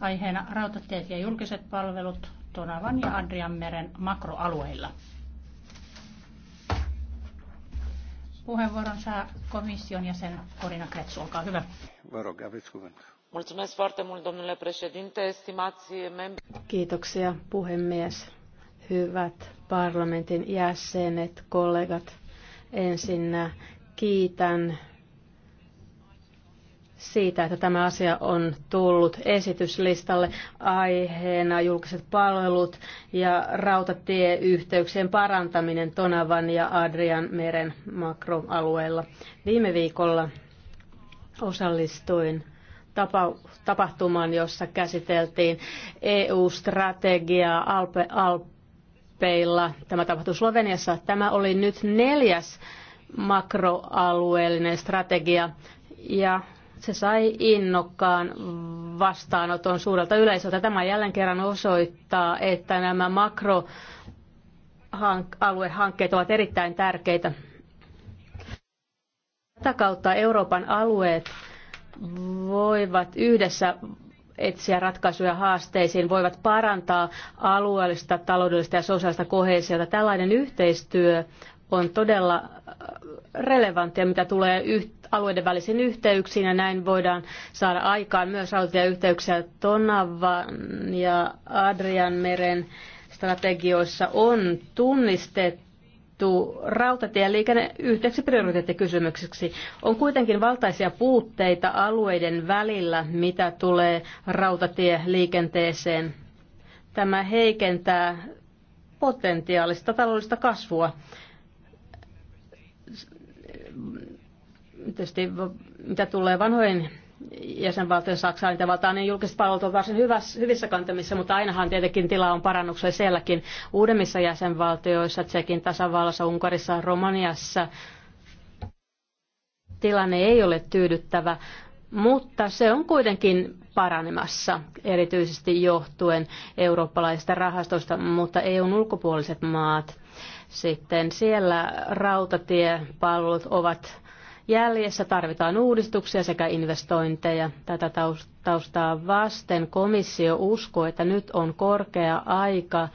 Aiheena rautatiet ja julkiset palvelut Tonavan ja Adrianmeren makroalueilla. Puheenvuoron saa komission jäsen Korina Kretsu, olkaa hyvä. Mulțumesc foarte mult, domnule președinte, estimați membri. Kiitoksia, puhemies. Hyvät parlamentin jäsenet, kollegat. Ensinnä kiitän siitä, että tämä asia on tullut esityslistalle aiheena julkiset palvelut ja rautatieyhteyksien parantaminen Tonavan ja Adrian meren makroalueella. Viime viikolla osallistuin tapahtumaan, jossa käsiteltiin EU-strategiaa Alpe, Alpeilla. Tämä tapahtui Sloveniassa. Tämä oli nyt neljäs makroalueellinen strategia ja se sai innokkaan vastaanoton suurelta yleisöltä. Tämä jälleen kerran osoittaa, että nämä makroaluehankkeet ovat erittäin tärkeitä. Tätä kautta Euroopan alueet voivat yhdessä etsiä ratkaisuja haasteisiin, voivat parantaa alueellista, taloudellista ja sosiaalista kohesiota. Tällainen yhteistyö on todella relevanttia, mitä tulee yhteistyöhön alueiden välisiin yhteyksiin ja näin voidaan saada aikaan myös rautatieyhteyksiä Tonavan ja Adrianmeren strategioissa on tunnistettu rautatieliikenne yhdeksi prioriteettikysymykseksi. On kuitenkin valtaisia puutteita alueiden välillä, mitä tulee rautatieliikenteeseen. Tämä heikentää potentiaalista taloudellista kasvua. Tietysti mitä tulee vanhojen jäsenvaltojen Saksaan, niin tavallaan niin julkiset palvelut on varsin hyvässä, hyvissä kantamissa, mutta ainahan tietenkin tila on parannukselle sielläkin uudemmissa jäsenvaltioissa, Tsekin tasavallassa, Unkarissa, Romaniassa. Tilanne ei ole tyydyttävä, mutta se on kuitenkin paranemassa, erityisesti johtuen eurooppalaisista rahastoista, mutta EUn ulkopuoliset maat. Sitten siellä rautatiepalvelut ovat jäljessä. Tarvitaan uudistuksia sekä investointeja. Tätä taustaa vasten komissio uskoo, että nyt on korkea aika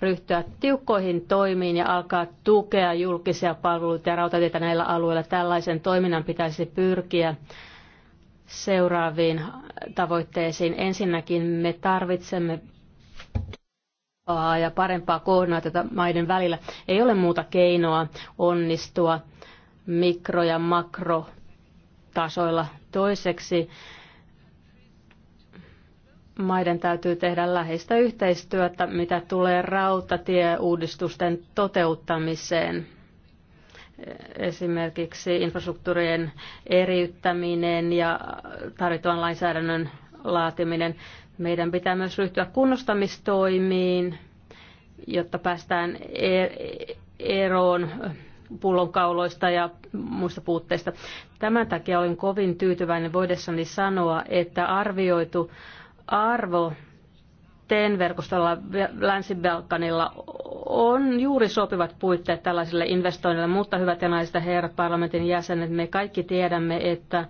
ryhtyä tiukkoihin toimiin ja alkaa tukea julkisia palveluita ja rautatietä näillä alueilla. Tällaisen toiminnan pitäisi pyrkiä seuraaviin tavoitteisiin. Ensinnäkin me tarvitsemme ja parempaa koordinaatiota maiden välillä. Ei ole muuta keinoa onnistua mikro- ja makrotasoilla. Toiseksi maiden täytyy tehdä läheistä yhteistyötä, mitä tulee rautatieuudistusten toteuttamiseen. Esimerkiksi infrastruktuurien eriyttäminen ja tarvittavan lainsäädännön laatiminen. Meidän pitää myös ryhtyä kunnostamistoimiin, jotta päästään e- e- eroon pullonkauloista ja muista puutteista. Tämän takia olen kovin tyytyväinen voidessani sanoa, että arvioitu arvo TEN-verkostolla Länsi-Balkanilla on juuri sopivat puitteet tällaisille investoinnille, mutta hyvät ja naiset ja herrat parlamentin jäsenet, me kaikki tiedämme, että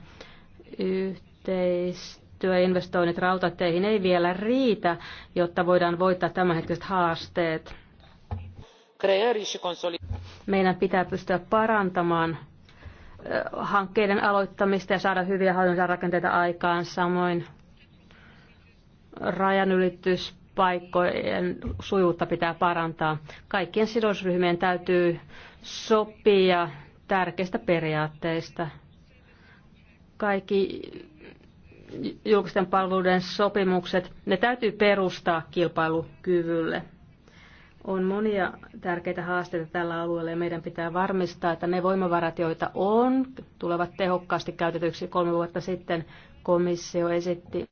yhteistyö investoinnit rautateihin ei vielä riitä, jotta voidaan voittaa tämänhetkiset haasteet meidän pitää pystyä parantamaan hankkeiden aloittamista ja saada hyviä rakenteita aikaan, samoin rajanylityspaikkojen sujuutta pitää parantaa. Kaikkien sidosryhmien täytyy sopia tärkeistä periaatteista. Kaikki julkisten palveluiden sopimukset, ne täytyy perustaa kilpailukyvylle. On monia tärkeitä haasteita tällä alueella ja meidän pitää varmistaa, että ne voimavarat, joita on, tulevat tehokkaasti käytetyksi. Kolme vuotta sitten komissio esitti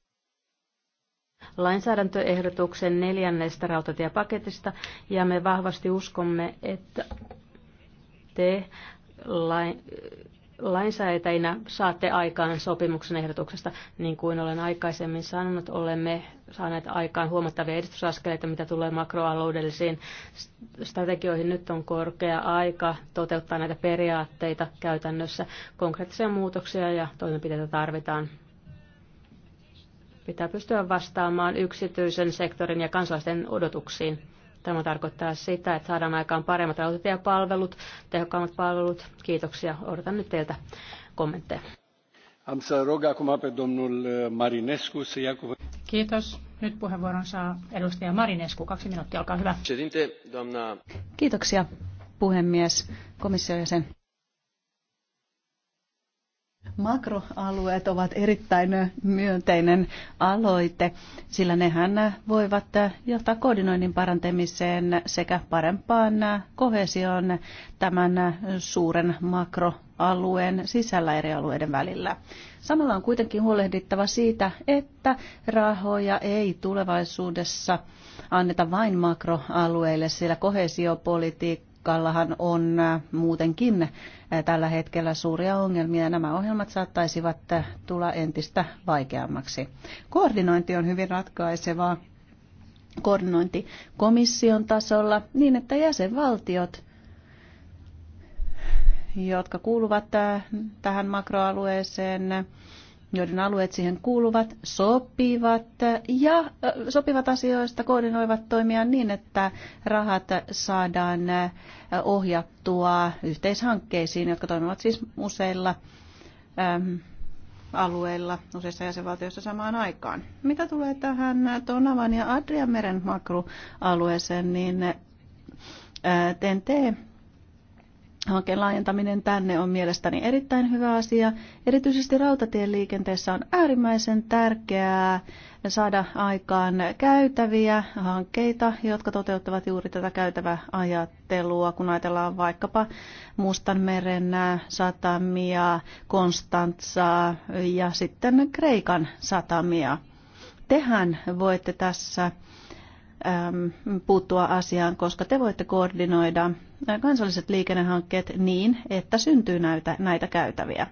lainsäädäntöehdotuksen neljännestä rautatiepaketista ja me vahvasti uskomme, että te lain, lainsäätäjinä saatte aikaan sopimuksen ehdotuksesta. Niin kuin olen aikaisemmin sanonut, olemme saaneet aikaan huomattavia edistysaskeleita, mitä tulee makroaloudellisiin strategioihin. Nyt on korkea aika toteuttaa näitä periaatteita käytännössä. Konkreettisia muutoksia ja toimenpiteitä tarvitaan. Pitää pystyä vastaamaan yksityisen sektorin ja kansalaisten odotuksiin Tämä tarkoittaa sitä, että saadaan aikaan paremmat rautatiepalvelut, tehokkaammat palvelut. Kiitoksia. Odotan nyt teiltä kommentteja. Uh, Kiitos. Nyt puheenvuoron saa edustaja Marinescu. Kaksi minuuttia, olkaa hyvä. Kiitoksia, puhemies, komission jäsen. Makroalueet ovat erittäin myönteinen aloite, sillä nehän voivat johtaa koordinoinnin parantamiseen sekä parempaan kohesioon tämän suuren makroalueen sisällä eri alueiden välillä. Samalla on kuitenkin huolehdittava siitä, että rahoja ei tulevaisuudessa anneta vain makroalueille, sillä kohesiopolitiikka Portugallahan on äh, muutenkin äh, tällä hetkellä suuria ongelmia ja nämä ohjelmat saattaisivat äh, tulla entistä vaikeammaksi. Koordinointi on hyvin ratkaisevaa koordinointi komission tasolla niin, että jäsenvaltiot, jotka kuuluvat tähän makroalueeseen, joiden alueet siihen kuuluvat, sopivat ja sopivat asioista koordinoivat toimia niin, että rahat saadaan ohjattua yhteishankkeisiin, jotka toimivat siis useilla alueilla useissa jäsenvaltioissa samaan aikaan. Mitä tulee tähän Tonavan ja meren makroalueeseen, niin TNT hankkeen laajentaminen tänne on mielestäni erittäin hyvä asia. Erityisesti rautatien liikenteessä on äärimmäisen tärkeää saada aikaan käytäviä hankkeita, jotka toteuttavat juuri tätä käytävää ajattelua, kun ajatellaan vaikkapa Mustanmeren satamia, Konstantsaa ja sitten Kreikan satamia. Tehän voitte tässä puuttua asiaan, koska te voitte koordinoida kansalliset liikennehankkeet niin, että syntyy näitä, näitä käytäviä.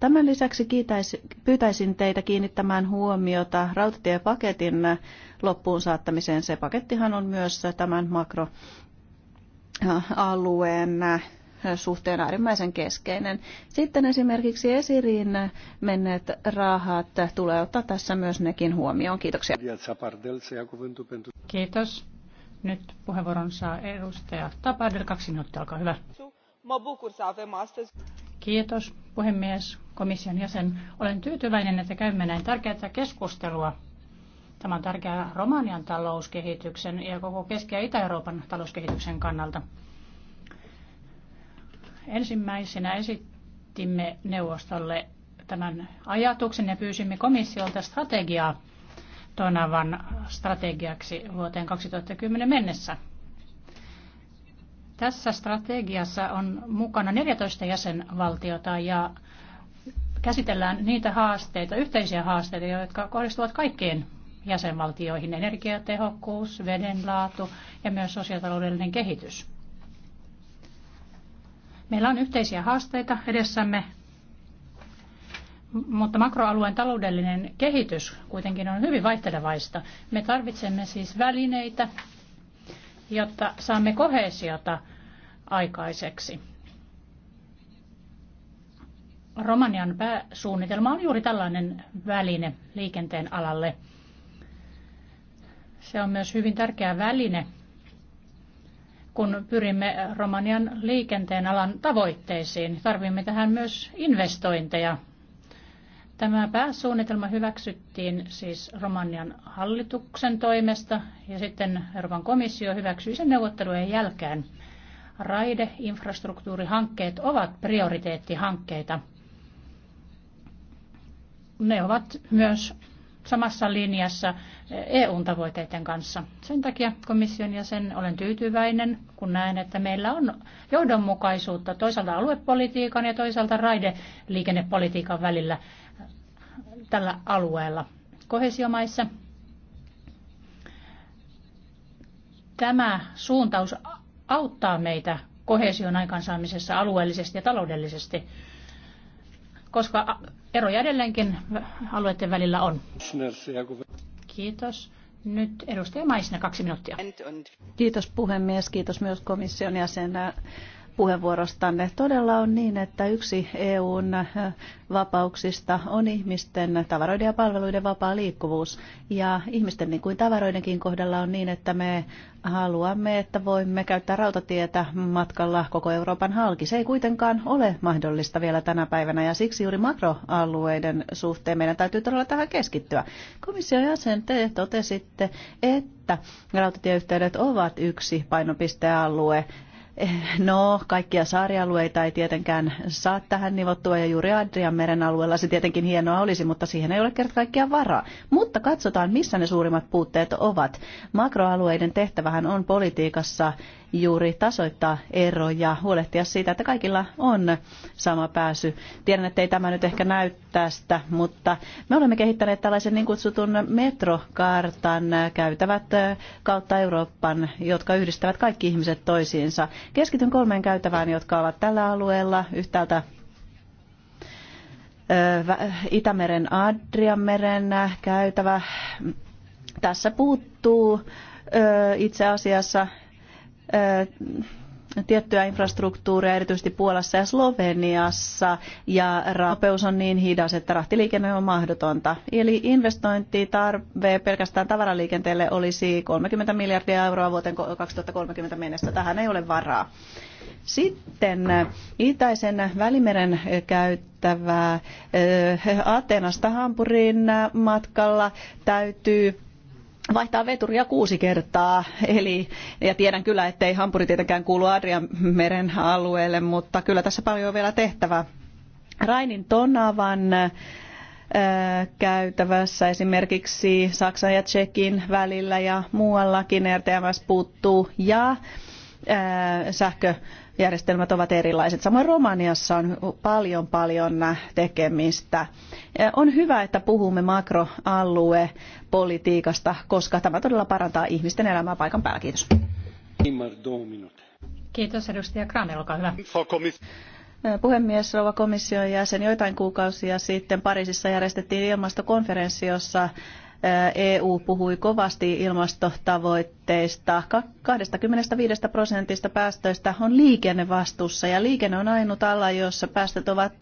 Tämän lisäksi kiitäisi, pyytäisin teitä kiinnittämään huomiota rautatiepaketin loppuun saattamiseen. Se pakettihan on myös tämän makroalueen suhteen äärimmäisen keskeinen. Sitten esimerkiksi esiriin menneet rahat tulee ottaa tässä myös nekin huomioon. Kiitoksia. E Kiitos. Nyt puheenvuoron saa edustaja Tapadel. Kaksi minuuttia, olkaa hyvä. Kiitos puhemies, komission jäsen. Olen tyytyväinen, että käymme näin tärkeää keskustelua. Tämä on tärkeää Romanian talouskehityksen ja koko Keski- ja Itä-Euroopan talouskehityksen kannalta. Ensimmäisenä esittimme neuvostolle tämän ajatuksen ja pyysimme komissiolta strategiaa Donavan strategiaksi vuoteen 2010 mennessä. Tässä strategiassa on mukana 14 jäsenvaltiota ja käsitellään niitä haasteita, yhteisiä haasteita, jotka kohdistuvat kaikkiin jäsenvaltioihin, energiatehokkuus, vedenlaatu ja myös sosiaalitaloudellinen kehitys. Meillä on yhteisiä haasteita edessämme mutta makroalueen taloudellinen kehitys kuitenkin on hyvin vaihtelevaista. Me tarvitsemme siis välineitä, jotta saamme kohesiota aikaiseksi. Romanian pääsuunnitelma on juuri tällainen väline liikenteen alalle. Se on myös hyvin tärkeä väline, kun pyrimme Romanian liikenteen alan tavoitteisiin. Tarvimme tähän myös investointeja Tämä pääsuunnitelma hyväksyttiin siis Romanian hallituksen toimesta ja sitten Euroopan komissio hyväksyi sen neuvottelujen jälkeen. Raideinfrastruktuurihankkeet ovat prioriteettihankkeita. Ne ovat myös samassa linjassa EUn tavoitteiden kanssa. Sen takia komission jäsen olen tyytyväinen, kun näen, että meillä on johdonmukaisuutta toisaalta aluepolitiikan ja toisaalta raideliikennepolitiikan välillä tällä alueella. Kohesiomaissa tämä suuntaus auttaa meitä kohesion aikansaamisessa alueellisesti ja taloudellisesti, koska eroja edelleenkin alueiden välillä on. Kiitos. Nyt edustaja Maisne, kaksi minuuttia. Kiitos puhemies, kiitos myös komission jäsenä puheenvuorostanne. Todella on niin, että yksi EUn äh, vapauksista on ihmisten tavaroiden ja palveluiden vapaa liikkuvuus. Ja ihmisten niin kuin tavaroidenkin kohdalla on niin, että me haluamme, että voimme käyttää rautatietä matkalla koko Euroopan halki. Se ei kuitenkaan ole mahdollista vielä tänä päivänä ja siksi juuri makroalueiden suhteen meidän täytyy todella tähän keskittyä. Komission jäsen, te totesitte, että rautatieyhteydet ovat yksi painopistealue No, kaikkia saarialueita ei tietenkään saa tähän nivottua ja juuri Adrian meren alueella se tietenkin hienoa olisi, mutta siihen ei ole kerta kaikkiaan varaa. Mutta katsotaan, missä ne suurimmat puutteet ovat. Makroalueiden tehtävähän on politiikassa juuri tasoittaa eroja, huolehtia siitä, että kaikilla on sama pääsy. Tiedän, että ei tämä nyt ehkä näy tästä, mutta me olemme kehittäneet tällaisen niin kutsutun metrokartan käytävät kautta Euroopan, jotka yhdistävät kaikki ihmiset toisiinsa. Keskityn kolmeen käytävään, jotka ovat tällä alueella yhtäältä Itämeren Adrianmeren käytävä. Tässä puuttuu itse asiassa tiettyä infrastruktuuria erityisesti Puolassa ja Sloveniassa ja rapeus on niin hidas, että rahtiliikenne on mahdotonta. Eli investointitarve pelkästään tavaraliikenteelle olisi 30 miljardia euroa vuoteen 2030 mennessä. Tähän ei ole varaa. Sitten itäisen välimeren käyttävää Atenasta Hampurin matkalla täytyy vaihtaa veturia kuusi kertaa. Eli, ja tiedän kyllä, ettei Hampuri tietenkään kuulu Adrianmeren alueelle, mutta kyllä tässä paljon on vielä tehtävää. Rainin Tonavan käytävässä esimerkiksi Saksan ja Tsekin välillä ja muuallakin RTMS puuttuu ja sähkö järjestelmät ovat erilaiset. Samoin Romaniassa on paljon paljon tekemistä. On hyvä, että puhumme makroaluepolitiikasta, koska tämä todella parantaa ihmisten elämää paikan päällä. Kiitos. Kiitos edustaja Kran, olkaa hyvä. Puhemies, rouva komission jäsen, joitain kuukausia sitten Pariisissa järjestettiin ilmastokonferenssi, jossa EU puhui kovasti ilmastotavoitteista. 25 prosentista päästöistä on liikennevastuussa ja liikenne on ainut ala, jossa päästöt ovat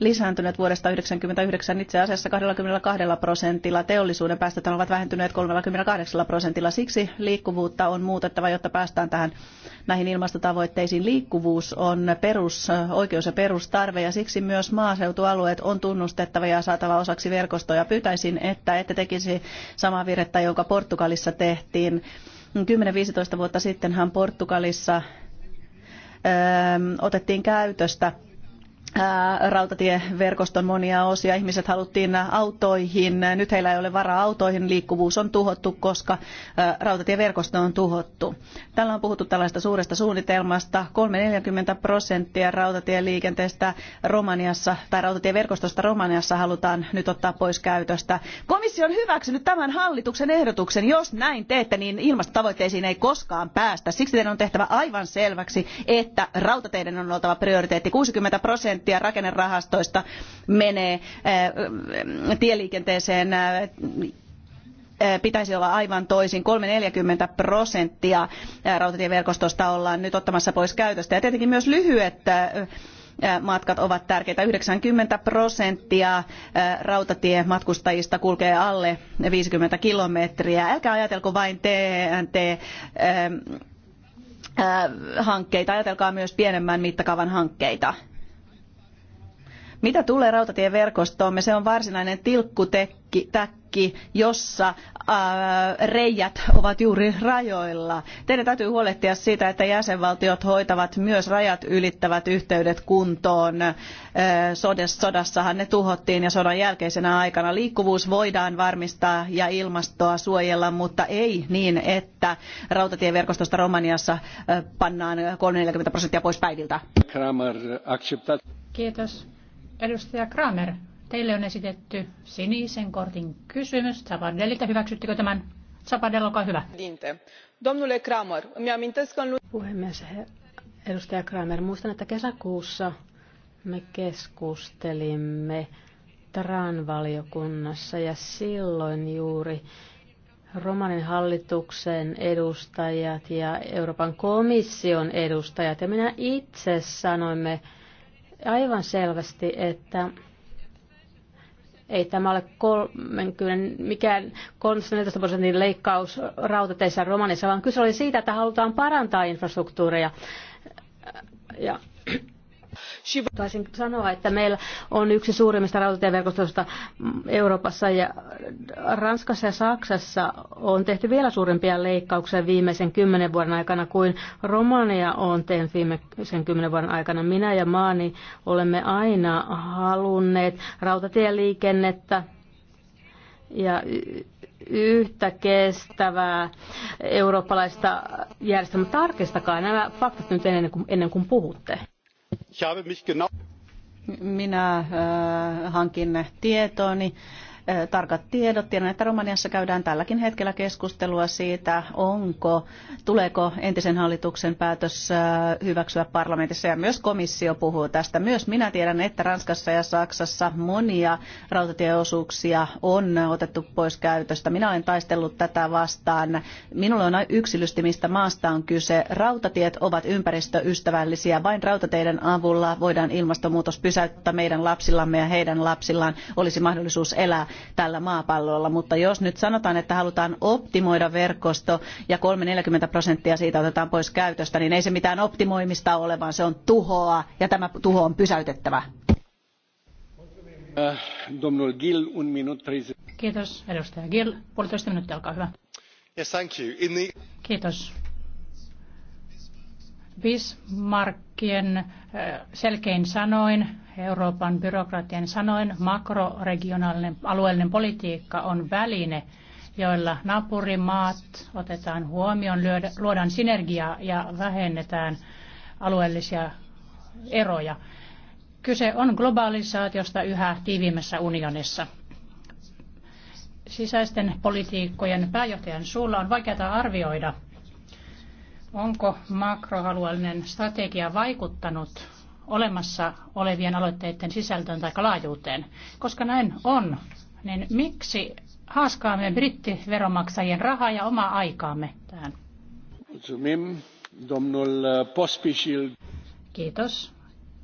lisääntyneet vuodesta 1999 itse asiassa 22 prosentilla. Teollisuuden päästöt ovat vähentyneet 38 prosentilla. Siksi liikkuvuutta on muutettava, jotta päästään tähän näihin ilmastotavoitteisiin. Liikkuvuus on perusoikeus ja perustarve ja siksi myös maaseutualueet on tunnustettava ja saatava osaksi verkostoja. Pyytäisin, että ette tekisi tulisi samaa virhettä, joka Portugalissa tehtiin. 10-15 vuotta sittenhän Portugalissa otettiin käytöstä rautatieverkoston monia osia. Ihmiset haluttiin autoihin. Nyt heillä ei ole varaa autoihin. Liikkuvuus on tuhottu, koska rautatieverkosto on tuhottu. Tällä on puhuttu tällaista suuresta suunnitelmasta. 3-40 prosenttia rautatieliikenteestä Romaniassa tai rautatieverkostosta Romaniassa halutaan nyt ottaa pois käytöstä. Komissio on hyväksynyt tämän hallituksen ehdotuksen. Jos näin teette, niin ilmastotavoitteisiin ei koskaan päästä. Siksi teidän on tehtävä aivan selväksi, että rautateiden on oltava prioriteetti. 60 prosenttia prosenttia rakennerahastoista menee eh, tieliikenteeseen eh, eh, pitäisi olla aivan toisin. 3-40 prosenttia rautatieverkostosta ollaan nyt ottamassa pois käytöstä. Ja tietenkin myös lyhyet matkat ovat tärkeitä. 90 prosenttia rautatiematkustajista kulkee alle 50 kilometriä. Älkää ajatelko vain TNT hankkeita, ajatelkaa myös pienemmän mittakaavan hankkeita. Mitä tulee rautatieverkostoomme, se on varsinainen tilkkutekki, täkki, jossa ää, reijät ovat juuri rajoilla. Teidän täytyy huolehtia siitä, että jäsenvaltiot hoitavat myös rajat ylittävät yhteydet kuntoon. Ää, sodassa, sodassahan ne tuhottiin ja sodan jälkeisenä aikana. Liikkuvuus voidaan varmistaa ja ilmastoa suojella, mutta ei niin, että rautatieverkostosta Romaniassa ää, pannaan 30 prosenttia pois päiviltä. Kramer, Kiitos. Edustaja Kramer, teille on esitetty sinisen kortin kysymys. Zapadellilta hyväksyttekö tämän? Zapadell, olkaa hyvä. Domnule Kramer, minä amintesc Puhemies, edustaja Kramer, muistan, että kesäkuussa me keskustelimme TRAN-valiokunnassa ja silloin juuri Romanin hallituksen edustajat ja Euroopan komission edustajat ja minä itse sanoimme, aivan selvästi, että ei tämä ole 30, mikään 14 prosentin leikkaus rautateissa Romanissa, vaan kyse oli siitä, että halutaan parantaa infrastruktuuria. Ja Taisin sanoa, että meillä on yksi suurimmista rautatieverkostoista Euroopassa ja Ranskassa ja Saksassa on tehty vielä suurempia leikkauksia viimeisen kymmenen vuoden aikana kuin Romania on tehnyt viimeisen kymmenen vuoden aikana. Minä ja maani olemme aina halunneet rautatieliikennettä ja yhtä kestävää eurooppalaista järjestelmää. Tarkistakaa nämä faktat nyt ennen kuin, ennen kuin puhutte. Minä äh, hankin tietoni tarkat tiedot. Tiedän, että Romaniassa käydään tälläkin hetkellä keskustelua siitä, onko, tuleeko entisen hallituksen päätös hyväksyä parlamentissa ja myös komissio puhuu tästä. Myös minä tiedän, että Ranskassa ja Saksassa monia rautatieosuuksia on otettu pois käytöstä. Minä olen taistellut tätä vastaan. Minulle on yksilysti, mistä maasta on kyse. Rautatiet ovat ympäristöystävällisiä. Vain rautateiden avulla voidaan ilmastonmuutos pysäyttää meidän lapsillamme ja heidän lapsillaan olisi mahdollisuus elää tällä maapallolla. Mutta jos nyt sanotaan, että halutaan optimoida verkosto ja 3-40 prosenttia siitä otetaan pois käytöstä, niin ei se mitään optimoimista ole, vaan se on tuhoa ja tämä tuho on pysäytettävä. Äh, Kiitos. Edustaja Gill, puolitoista minuuttia, olkaa hyvä. Kiitos Bismarckien äh, selkein sanoin, Euroopan byrokratian sanoin, makroregionaalinen alueellinen politiikka on väline, joilla naapurimaat otetaan huomioon, luodaan synergiaa ja vähennetään alueellisia eroja. Kyse on globalisaatiosta yhä tiiviimmässä unionissa. Sisäisten politiikkojen pääjohtajan suulla on vaikeaa arvioida – Onko makrohalueellinen strategia vaikuttanut olemassa olevien aloitteiden sisältöön tai laajuuteen? Koska näin on, niin miksi haaskaamme brittiveronmaksajien rahaa ja omaa aikaamme tähän? Kiitos.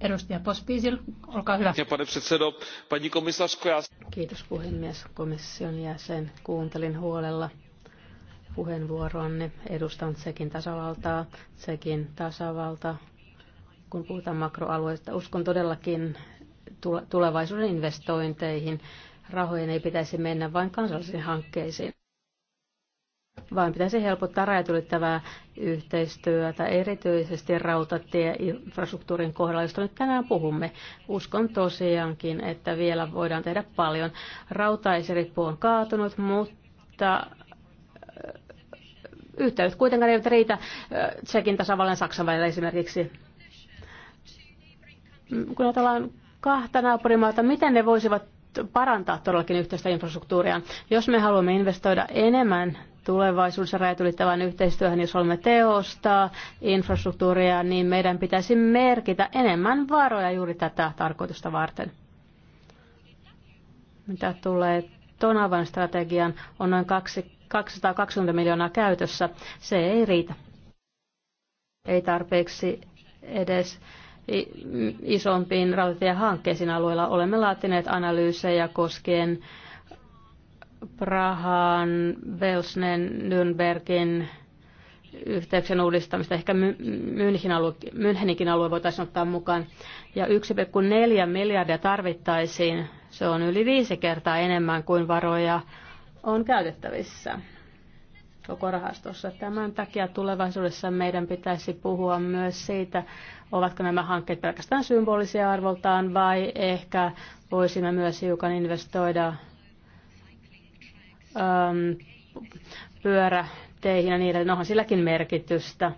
Edustaja Pospisil, olkaa hyvä. Ja předsedo, paní komisařko, Kiitos puhemies, komission jäsen. Kuuntelin huolella puheenvuoroonne. Edustan Tsekin tasavaltaa. Tsekin tasavalta, kun puhutaan makroalueesta, uskon todellakin tulevaisuuden investointeihin. Rahojen ei pitäisi mennä vain kansallisiin hankkeisiin vaan pitäisi helpottaa rajat ylittävää yhteistyötä, erityisesti rautatieinfrastruktuurin kohdalla, josta nyt tänään puhumme. Uskon tosiaankin, että vielä voidaan tehdä paljon. Rautaisrippu on kaatunut, mutta Yhteydet kuitenkaan eivät riitä Tsekin tasavallan Saksan välillä esimerkiksi. Mm, kun ajatellaan kahta naapurimaata, miten ne voisivat parantaa todellakin yhteistä infrastruktuuria. Jos me haluamme investoida enemmän tulevaisuudessa rajat ylittävään yhteistyöhön, jos haluamme tehostaa infrastruktuuria, niin meidän pitäisi merkitä enemmän varoja juuri tätä tarkoitusta varten. Mitä tulee Tonavan strategian, on noin kaksi 220 miljoonaa käytössä. Se ei riitä. Ei tarpeeksi edes isompiin rautatiehankkeisiin alueilla. Olemme laatineet analyysejä koskien Prahan, Belsnen, Nürnbergin yhteyksien uudistamista. Ehkä Münchenin alue, Münchenikin alue voitaisiin ottaa mukaan. Ja 1,4 miljardia tarvittaisiin. Se on yli viisi kertaa enemmän kuin varoja on käytettävissä koko rahastossa. Tämän takia tulevaisuudessa meidän pitäisi puhua myös siitä, ovatko nämä hankkeet pelkästään symbolisia arvoltaan vai ehkä voisimme myös hiukan investoida äm, pyöräteihin ja niille. Onhan silläkin merkitystä.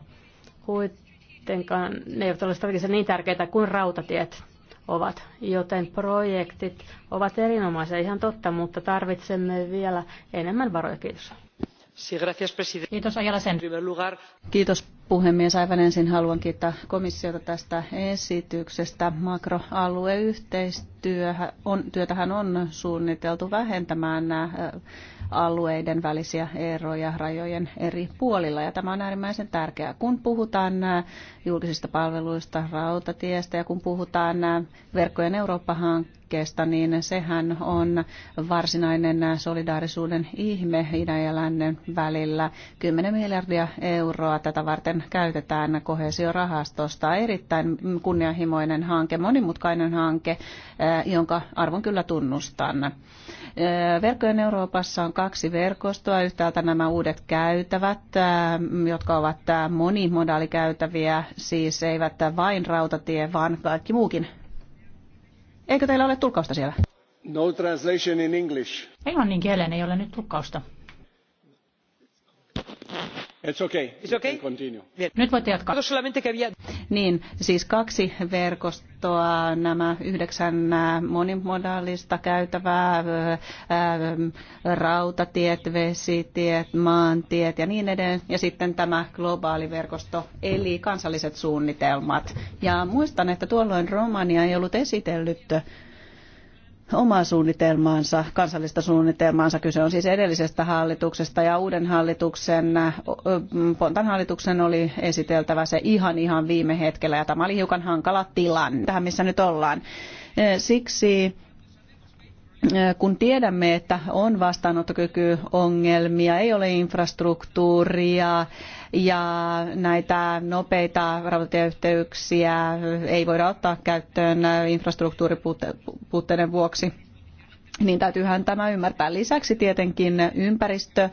Kuitenkaan ne eivät ole strategisesti niin tärkeitä kuin rautatiet ovat. Joten projektit ovat erinomaisia, ihan totta, mutta tarvitsemme vielä enemmän varoja. Kiitos. Kiitos sen. Kiitos puhemies. Aivan ensin haluan kiittää komissiota tästä esityksestä. Makroalueyhteistyötähän on, on suunniteltu vähentämään nämä alueiden välisiä eroja rajojen eri puolilla. Ja tämä on äärimmäisen tärkeää, kun puhutaan julkisista palveluista, rautatiestä ja kun puhutaan verkkojen Eurooppa-hankkeesta, niin sehän on varsinainen solidaarisuuden ihme idän ja lännen välillä. 10 miljardia euroa tätä varten sitten käytetään kohesiorahastosta. Erittäin kunnianhimoinen hanke, monimutkainen hanke, eh, jonka arvon kyllä tunnustan. Eh, verkkojen Euroopassa on kaksi verkostoa. Yhtäältä nämä uudet käytävät, eh, jotka ovat monimodaalikäytäviä, siis eivät vain rautatie, vaan kaikki muukin. Eikö teillä ole tulkausta siellä? No translation in English. Englannin kielen ei ole nyt tulkkausta. Nyt jatkaa. Niin, siis kaksi verkostoa, nämä yhdeksän monimodaalista käytävää, rautatiet, vesitiet, maantiet ja niin edelleen. Ja sitten tämä globaali verkosto, eli kansalliset suunnitelmat. Ja muistan, että tuolloin Romania ei ollut esitellyt omaa suunnitelmaansa, kansallista suunnitelmaansa. Kyse on siis edellisestä hallituksesta ja uuden hallituksen, Pontan hallituksen oli esiteltävä se ihan ihan viime hetkellä ja tämä oli hiukan hankala tilanne tähän missä nyt ollaan. Siksi Äh, kun tiedämme, että on vastaanottokykyongelmia, ei ole infrastruktuuria ja näitä nopeita rautatieyhteyksiä ei voida ottaa käyttöön infrastruktuuripuutteiden vuoksi, niin täytyyhän tämä ymmärtää. Lisäksi tietenkin ympäristö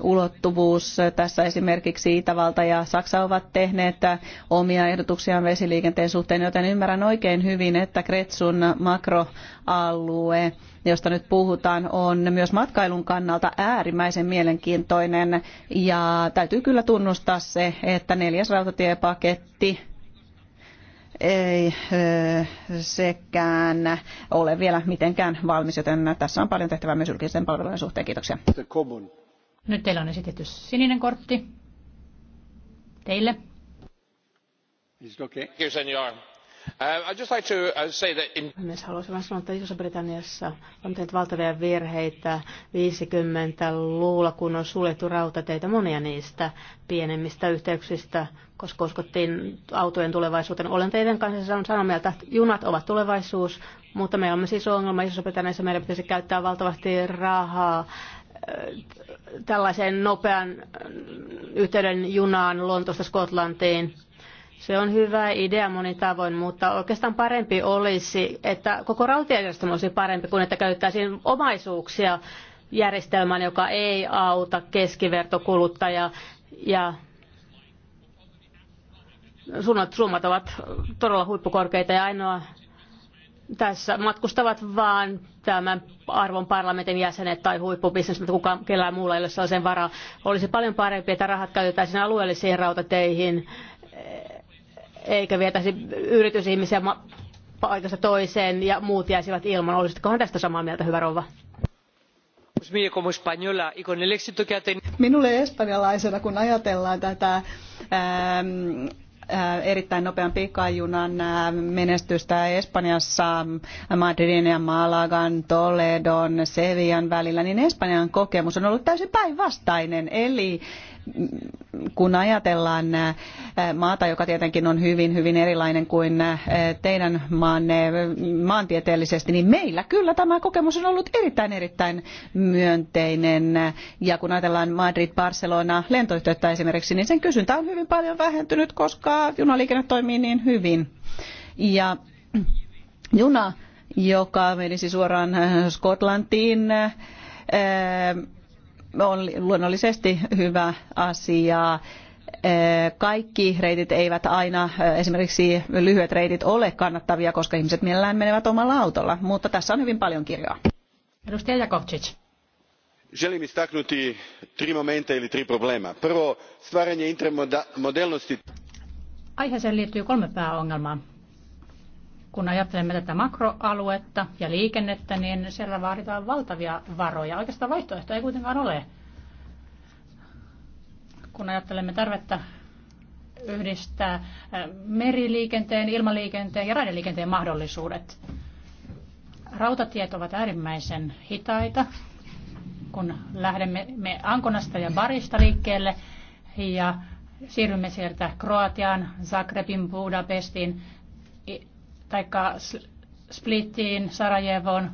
ulottuvuus. Tässä esimerkiksi Itävalta ja Saksa ovat tehneet omia ehdotuksiaan vesiliikenteen suhteen, joten ymmärrän oikein hyvin, että Kretsun makroalue josta nyt puhutaan, on myös matkailun kannalta äärimmäisen mielenkiintoinen. Ja täytyy kyllä tunnustaa se, että neljäs rautatiepaketti ei sekään ole vielä mitenkään valmis, joten tässä on paljon tehtävää myös julkisten palvelujen suhteen. Kiitoksia. Nyt teillä on esitetty sininen kortti. Teille. Is it okay? Uh, uh, Puhemies, haluaisin vain sanoa, että Iso-Britanniassa on tehty valtavia virheitä 50-luvulla, kun on suljettu rautateitä, monia niistä pienemmistä yhteyksistä, koska uskottiin autojen tulevaisuuteen. Olen teidän kanssanne samaa mieltä, että junat ovat tulevaisuus, mutta meillä on siis ongelma Iso-Britanniassa, meidän pitäisi käyttää valtavasti rahaa tällaisen nopean yhteyden junaan Lontosta Skotlantiin. Se on hyvä idea monin tavoin, mutta oikeastaan parempi olisi, että koko rautatiejärjestelmä olisi parempi kuin että käytettäisiin omaisuuksia järjestelmään, joka ei auta keskivertokuluttajaa ja summat ovat todella huippukorkeita ja ainoa tässä matkustavat vain tämän arvon parlamentin jäsenet tai huippubisnes, mutta kukaan kellään muulla ei ole sellaisen varaa. Olisi paljon parempi, että rahat käytettäisiin alueellisiin rautateihin, eikä vietäisi yritysihmisiä paikasta toiseen ja muut jäisivät ilman. Olisitkohan tästä samaa mieltä, hyvä rouva? Minulle espanjalaisena, kun ajatellaan tätä ähm, Äh, erittäin nopean pikajunan äh, menestystä Espanjassa Madridin ja Malagan, Toledon, Sevian välillä, niin Espanjan kokemus on ollut täysin päinvastainen. Eli kun ajatellaan maata, joka tietenkin on hyvin, hyvin erilainen kuin teidän maanne maantieteellisesti, niin meillä kyllä tämä kokemus on ollut erittäin, erittäin myönteinen. Ja kun ajatellaan Madrid-Barcelona lentoyhteyttä esimerkiksi, niin sen kysyntä on hyvin paljon vähentynyt, koska junaliikenne toimii niin hyvin. Ja juna, joka menisi suoraan Skotlantiin, on luonnollisesti hyvä asia. Eh, kaikki reitit eivät aina, eh, esimerkiksi lyhyet reitit, ole kannattavia, koska ihmiset mielellään menevät omalla autolla, mutta tässä on hyvin paljon kirjoa. Edustaja Jakovcic. Želim istaknuti tri momente ili tri problema. Prvo, stvaranje intermodelnosti. Aiheeseen liittyy kolme pääongelmaa kun ajattelemme tätä makroaluetta ja liikennettä, niin siellä vaaditaan valtavia varoja. Oikeastaan vaihtoehto ei kuitenkaan ole. Kun ajattelemme tarvetta yhdistää äh, meriliikenteen, ilmaliikenteen ja raideliikenteen mahdollisuudet. Rautatiet ovat äärimmäisen hitaita, kun lähdemme me Ankonasta ja Barista liikkeelle ja siirrymme sieltä Kroatiaan, Zagrebin, Budapestiin, tai Splittiin, Sarajevoon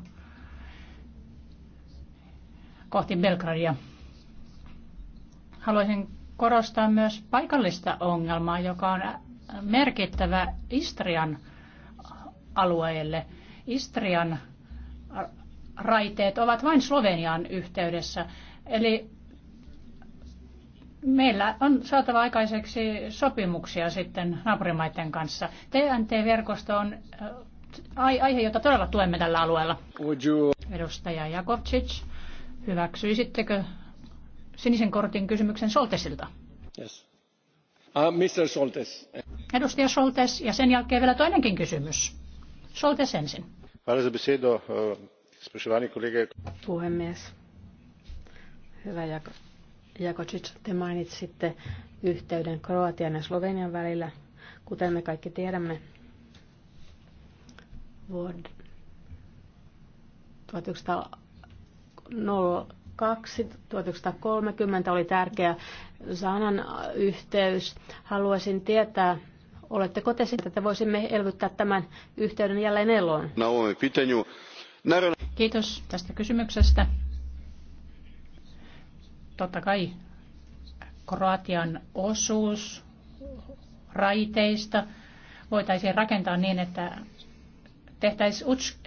kohti Belgradia. Haluaisin korostaa myös paikallista ongelmaa, joka on merkittävä Istrian alueelle. Istrian raiteet ovat vain Slovenian yhteydessä. Eli Meillä on saatava aikaiseksi sopimuksia sitten naapurimaiden kanssa. TNT-verkosto on äh, aihe, jota todella tuemme tällä alueella. Edustaja Jakovcic, hyväksyisittekö sinisen kortin kysymyksen Soltesilta? Yes. Uh, Mr. Soltes. Edustaja Soltes ja sen jälkeen vielä toinenkin kysymys. Soltes ensin. Uh, Puhemies. Hyvä Jakovcic Jakocic, te mainitsitte yhteyden Kroatian ja Slovenian välillä. Kuten me kaikki tiedämme, Vuod 1902-1930 oli tärkeä Sanan yhteys. Haluaisin tietää, oletteko te sitä, että voisimme elvyttää tämän yhteyden jälleen eloon? Kiitos tästä kysymyksestä. Totta kai Kroatian osuus raiteista voitaisiin rakentaa niin, että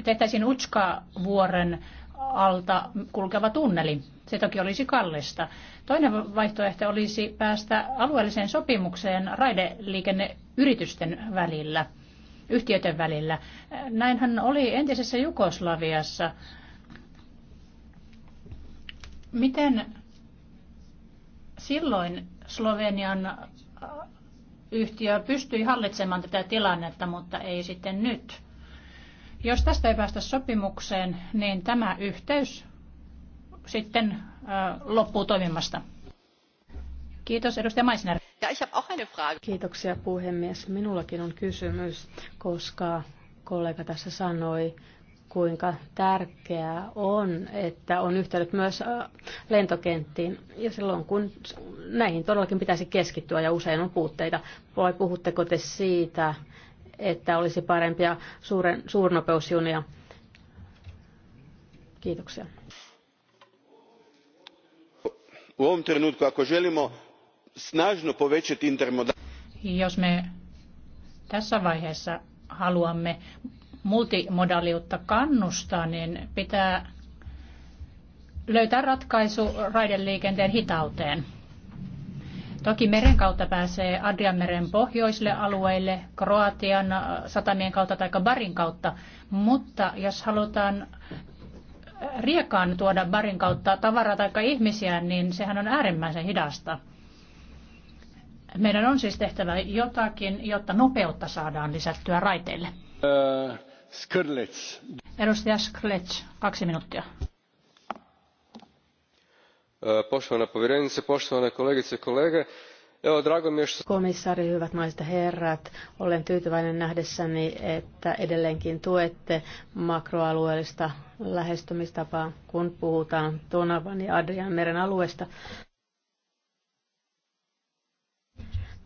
tehtäisiin Utska-vuoren alta kulkeva tunneli. Se toki olisi kallista. Toinen vaihtoehto olisi päästä alueelliseen sopimukseen raideliikenneyritysten välillä, yhtiöiden välillä. Näinhän oli entisessä Jugoslaviassa. Miten Silloin Slovenian äh, yhtiö pystyi hallitsemaan tätä tilannetta, mutta ei sitten nyt. Jos tästä ei päästä sopimukseen, niin tämä yhteys sitten äh, loppuu toimimasta. Kiitos, edustaja Meissner. Kiitoksia puhemies. Minullakin on kysymys, koska kollega tässä sanoi, kuinka tärkeää on, että on yhteydet myös äh, lentokenttiin. Ja silloin kun näihin todellakin pitäisi keskittyä ja usein on puutteita, vai puhutteko te siitä, että olisi parempia suuren, suurnopeusjunia? Kiitoksia. Jos me tässä vaiheessa haluamme multimodaliutta kannustaa, niin pitää löytää ratkaisu raideliikenteen hitauteen. Toki meren kautta pääsee Adrianmeren pohjoisille alueille, Kroatian äh, satamien kautta tai Barin kautta, mutta jos halutaan äh, riekaan tuoda Barin kautta tavaraa tai ihmisiä, niin sehän on äärimmäisen hidasta. Meidän on siis tehtävä jotakin, jotta nopeutta saadaan lisättyä raiteille. Äh, kaksi minuuttia. E, poštovana povjerenice, poštovane kolegice i kolege, Joo, drago mi Komissaari, hyvät naiset ja herrat, olen tyytyväinen nähdessäni, että edelleenkin tuette makroalueellista lähestymistapaa, kun puhutaan Tonavan ja Adrian meren alueesta.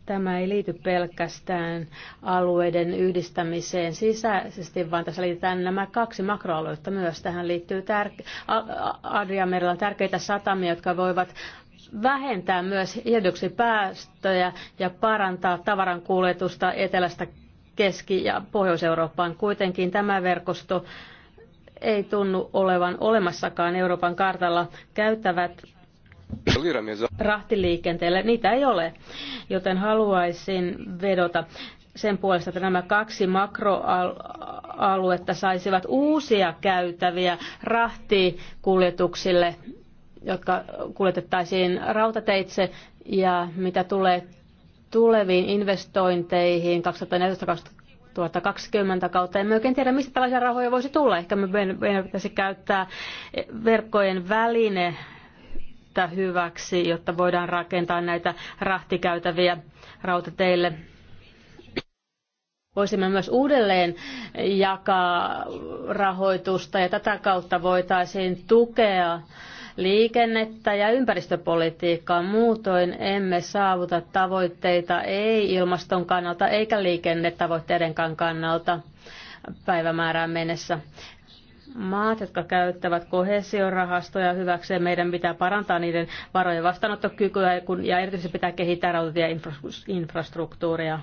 Tämä ei liity pelkästään alueiden yhdistämiseen sisäisesti, vaan tässä liitetään nämä kaksi makroaluetta myös. Tähän liittyy tär- Adriamerillä tärkeitä satamia, jotka voivat vähentää myös päästöjä ja parantaa tavaran kuljetusta etelästä Keski- ja Pohjois-Eurooppaan. Kuitenkin tämä verkosto ei tunnu olevan olemassakaan Euroopan kartalla. Käyttävät rahtiliikenteelle. Niitä ei ole, joten haluaisin vedota sen puolesta, että nämä kaksi makroaluetta saisivat uusia käytäviä rahtikuljetuksille, jotka kuljetettaisiin rautateitse ja mitä tulee tuleviin investointeihin 2014 2020 kautta. En oikein tiedä, mistä tällaisia rahoja voisi tulla. Ehkä me meidän pitäisi käyttää verkkojen väline käyttää hyväksi, jotta voidaan rakentaa näitä rahtikäytäviä rautateille. Voisimme myös uudelleen jakaa rahoitusta ja tätä kautta voitaisiin tukea liikennettä ja ympäristöpolitiikkaa. Muutoin emme saavuta tavoitteita ei ilmaston kannalta eikä liikennetavoitteidenkaan kannalta päivämäärään mennessä maat, jotka käyttävät kohesiorahastoja hyväkseen, meidän pitää parantaa niiden varojen vastaanottokykyä ja erityisesti pitää kehittää rautatieinfrastruktuuria.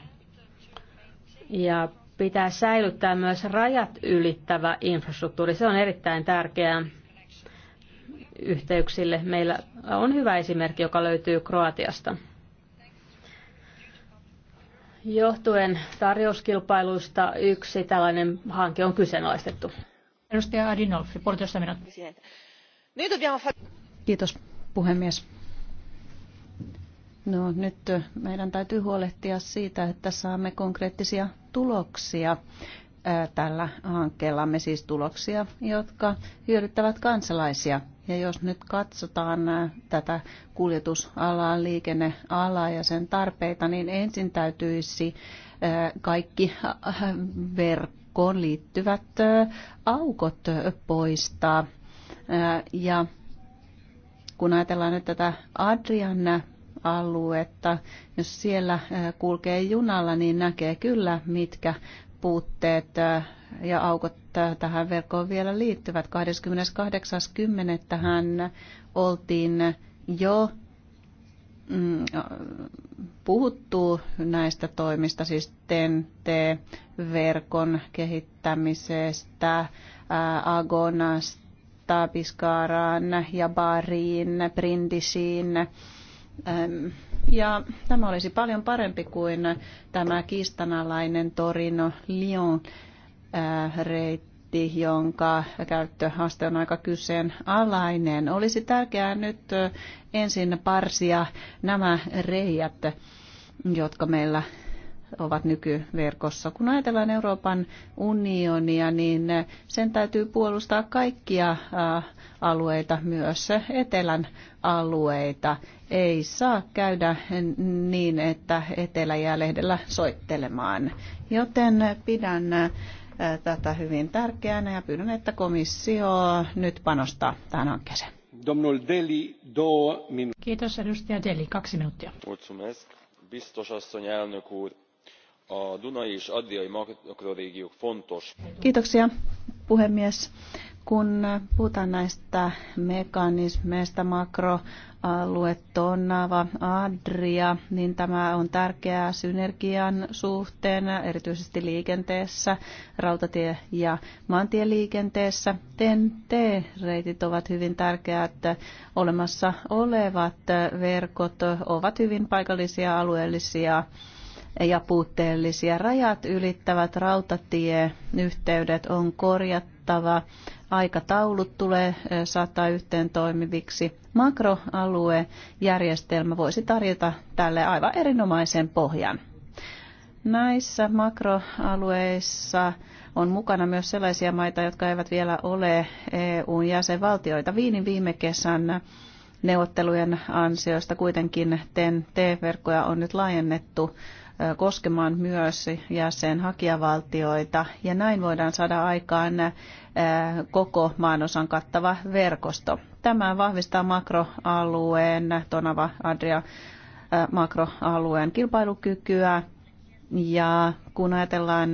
Ja pitää säilyttää myös rajat ylittävä infrastruktuuri. Se on erittäin tärkeää yhteyksille. Meillä on hyvä esimerkki, joka löytyy Kroatiasta. Johtuen tarjouskilpailuista yksi tällainen hanke on kyseenalaistettu. Edustaja Adinolfi, puolitoista minuuttia. Kiitos puhemies. No, nyt meidän täytyy huolehtia siitä, että saamme konkreettisia tuloksia tällä hankkeellamme, Me siis tuloksia, jotka hyödyttävät kansalaisia. Ja jos nyt katsotaan tätä kuljetusalaa, liikennealaa ja sen tarpeita, niin ensin täytyisi kaikki verkko joukkoon liittyvät aukot poistaa. Ja kun ajatellaan nyt tätä Adrian aluetta, jos siellä kulkee junalla, niin näkee kyllä, mitkä puutteet ja aukot tähän verkkoon vielä liittyvät. 28.10. tähän oltiin jo Mm, puhuttu näistä toimista, siis TEN-T-verkon kehittämisestä, Agonasta, Piskaaraan ja Bariin, Brindisiin. Ja tämä olisi paljon parempi kuin tämä kiistanalainen Torino-Lyon reitti paketti, jonka käyttöaste on aika kyseenalainen. Olisi tärkeää nyt ensin parsia nämä reijät, jotka meillä ovat nykyverkossa. Kun ajatellaan Euroopan unionia, niin sen täytyy puolustaa kaikkia alueita, myös etelän alueita. Ei saa käydä niin, että etelä jää lehdellä soittelemaan. Joten pidän tätä hyvin tärkeänä ja pyydän, että komissio nyt panostaa tähän hankkeeseen. Deli, do Kiitos edustaja Deli, kaksi minuuttia. Mulțumesc. Biztos asszony elnök úr, a Dunai és Adriai makrorégiók fontos. Kiitoksia puhemies. Kun puhutaan näistä mekanismeista, makroalue, Adria, niin tämä on tärkeää synergian suhteen, erityisesti liikenteessä, rautatie- ja maantieliikenteessä. TNT-reitit ovat hyvin tärkeät. Olemassa olevat verkot ovat hyvin paikallisia, alueellisia ja puutteellisia. Rajat ylittävät rautatieyhteydet on korjattu kattava. Aikataulut tulee saattaa yhteen toimiviksi. Makroaluejärjestelmä voisi tarjota tälle aivan erinomaisen pohjan. Näissä makroalueissa on mukana myös sellaisia maita, jotka eivät vielä ole EUn jäsenvaltioita. Viinin viime kesän neuvottelujen ansiosta kuitenkin TEN-T-verkkoja on nyt laajennettu koskemaan myös jäsenhakijavaltioita ja näin voidaan saada aikaan koko maanosan kattava verkosto. Tämä vahvistaa makroalueen, Tonava Adria makroalueen kilpailukykyä ja kun ajatellaan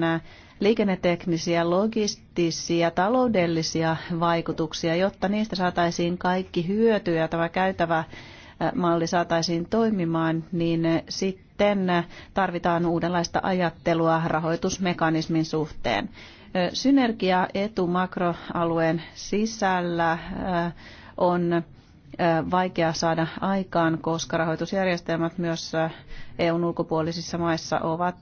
liikenneteknisiä, logistisia, taloudellisia vaikutuksia, jotta niistä saataisiin kaikki hyötyjä tämä käytävä malli saataisiin toimimaan, niin sitten tarvitaan uudenlaista ajattelua rahoitusmekanismin suhteen. Synergiaetu makroalueen sisällä on vaikea saada aikaan, koska rahoitusjärjestelmät myös EUn ulkopuolisissa maissa ovat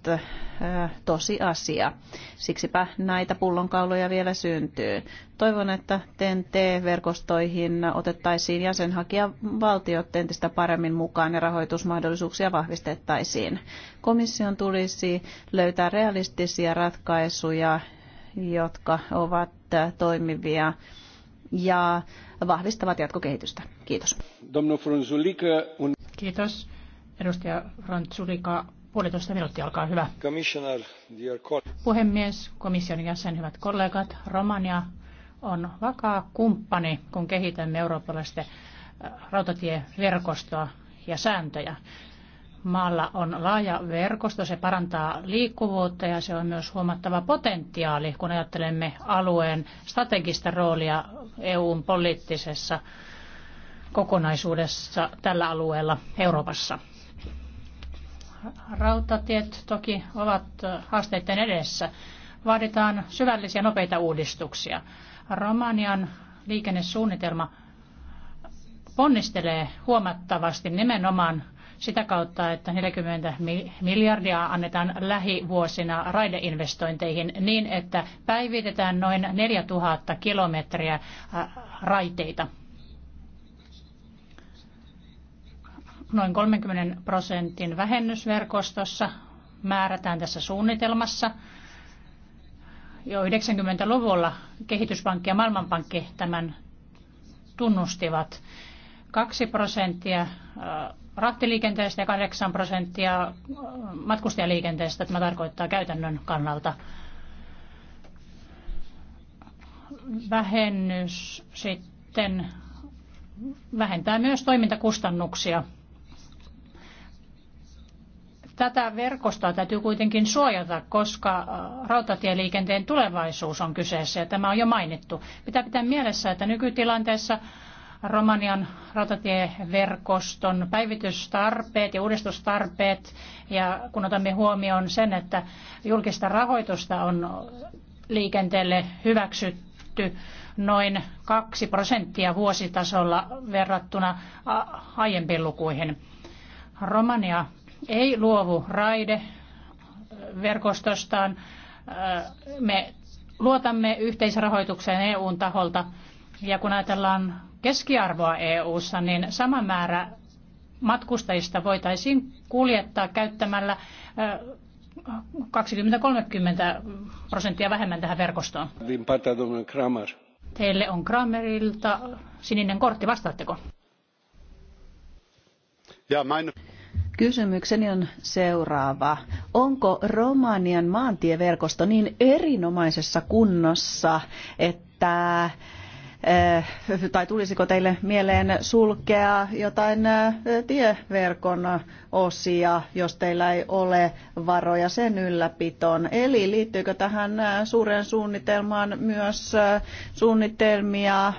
tosi asia. Siksipä näitä pullonkauloja vielä syntyy. Toivon, että TNT-verkostoihin otettaisiin jäsenhakijavaltiot entistä paremmin mukaan ja rahoitusmahdollisuuksia vahvistettaisiin. Komission tulisi löytää realistisia ratkaisuja, jotka ovat toimivia ja vahvistavat jatkokehitystä. Kiitos. Kiitos. Edustaja Frantzulika, puolitoista minuuttia, olkaa hyvä. Puhemies, komission jäsen, hyvät kollegat, Romania on vakaa kumppani, kun kehitämme eurooppalaisten äh, rautatieverkostoa ja sääntöjä maalla on laaja verkosto, se parantaa liikkuvuutta ja se on myös huomattava potentiaali, kun ajattelemme alueen strategista roolia EUn poliittisessa kokonaisuudessa tällä alueella Euroopassa. Rautatiet toki ovat haasteiden edessä. Vaaditaan syvällisiä nopeita uudistuksia. Romanian liikennesuunnitelma ponnistelee huomattavasti nimenomaan sitä kautta, että 40 miljardia annetaan lähivuosina raideinvestointeihin niin, että päivitetään noin 4000 kilometriä äh, raiteita. Noin 30 prosentin vähennysverkostossa määrätään tässä suunnitelmassa. Jo 90-luvulla kehityspankki ja maailmanpankki tämän tunnustivat. 2 prosenttia äh, rahtiliikenteestä ja 8 prosenttia äh, matkustajaliikenteestä. Tämä tarkoittaa käytännön kannalta vähennys sitten vähentää myös toimintakustannuksia. Tätä verkostoa täytyy kuitenkin suojata, koska äh, rautatieliikenteen tulevaisuus on kyseessä ja tämä on jo mainittu. Pitää pitää mielessä, että nykytilanteessa Romanian rautatieverkoston päivitystarpeet ja uudistustarpeet. Ja kun otamme huomioon sen, että julkista rahoitusta on liikenteelle hyväksytty noin 2 prosenttia vuositasolla verrattuna aiempiin lukuihin. Romania ei luovu raide verkostostaan. Me luotamme yhteisrahoitukseen EUn taholta. Ja kun ajatellaan keskiarvoa EU:ssa, niin sama määrä matkustajista voitaisiin kuljettaa käyttämällä 20-30 prosenttia vähemmän tähän verkostoon. Teille on Kramerilta sininen kortti, vastaatteko? Ja, mein... Kysymykseni on seuraava. Onko Romanian maantieverkosto niin erinomaisessa kunnossa, että Eh, tai tulisiko teille mieleen sulkea jotain eh, tieverkon osia, jos teillä ei ole varoja sen ylläpitoon? Eli liittyykö tähän eh, suureen suunnitelmaan myös suunnitelmia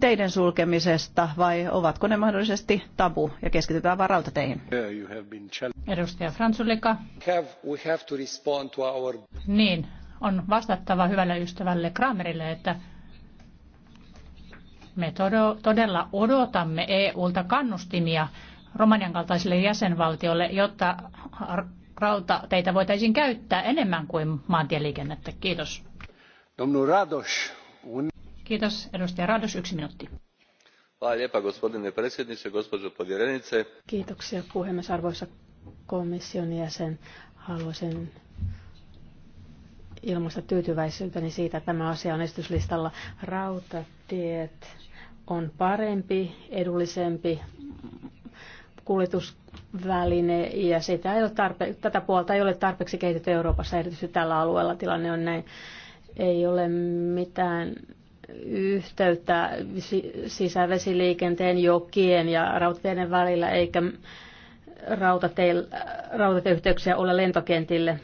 teiden sulkemisesta vai ovatko ne mahdollisesti tabu ja keskitytään vain rautateihin? Edustaja Fransulika. Niin, on vastattava hyvälle ystävälle Kramerille, että me todella odotamme EU-ta kannustimia Romanian kaltaisille jäsenvaltiolle, jotta rauta teitä voitaisiin käyttää enemmän kuin maantieliikennettä. Kiitos. Kiitos. Edustaja Rados, yksi minuutti. Kiitoksia puhemies, arvoisa komission jäsen. Haluaisin ilmaista tyytyväisyyteni siitä, että tämä asia on esityslistalla. Rautatiet on parempi, edullisempi kuljetusväline ja sitä ei ole tarpe- tätä puolta ei ole tarpeeksi kehitetty Euroopassa, erityisesti tällä alueella tilanne on näin. Ei ole mitään yhteyttä sisävesiliikenteen, jokien ja rautateiden välillä, eikä rautateyhteyksiä ole lentokentille.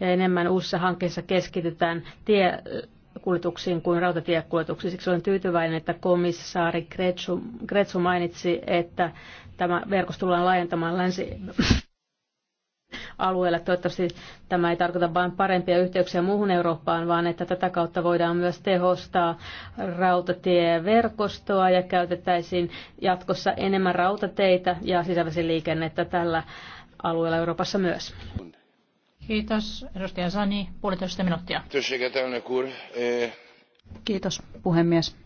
Ja enemmän uusissa hankkeissa keskitytään tie kuljetuksiin kuin rautatiekuljetuksiin. Siksi olen tyytyväinen, että komissaari Gretsu, Gretsu mainitsi, että tämä verkosto tullaan laajentamaan länsi alueella. Toivottavasti tämä ei tarkoita vain parempia yhteyksiä muuhun Eurooppaan, vaan että tätä kautta voidaan myös tehostaa rautatieverkostoa ja käytettäisiin jatkossa enemmän rautateitä ja sisävesiliikennettä tällä alueella Euroopassa myös. Kiitos. Edustaja Sani, puolitoista minuuttia. Kiitos, puhemies.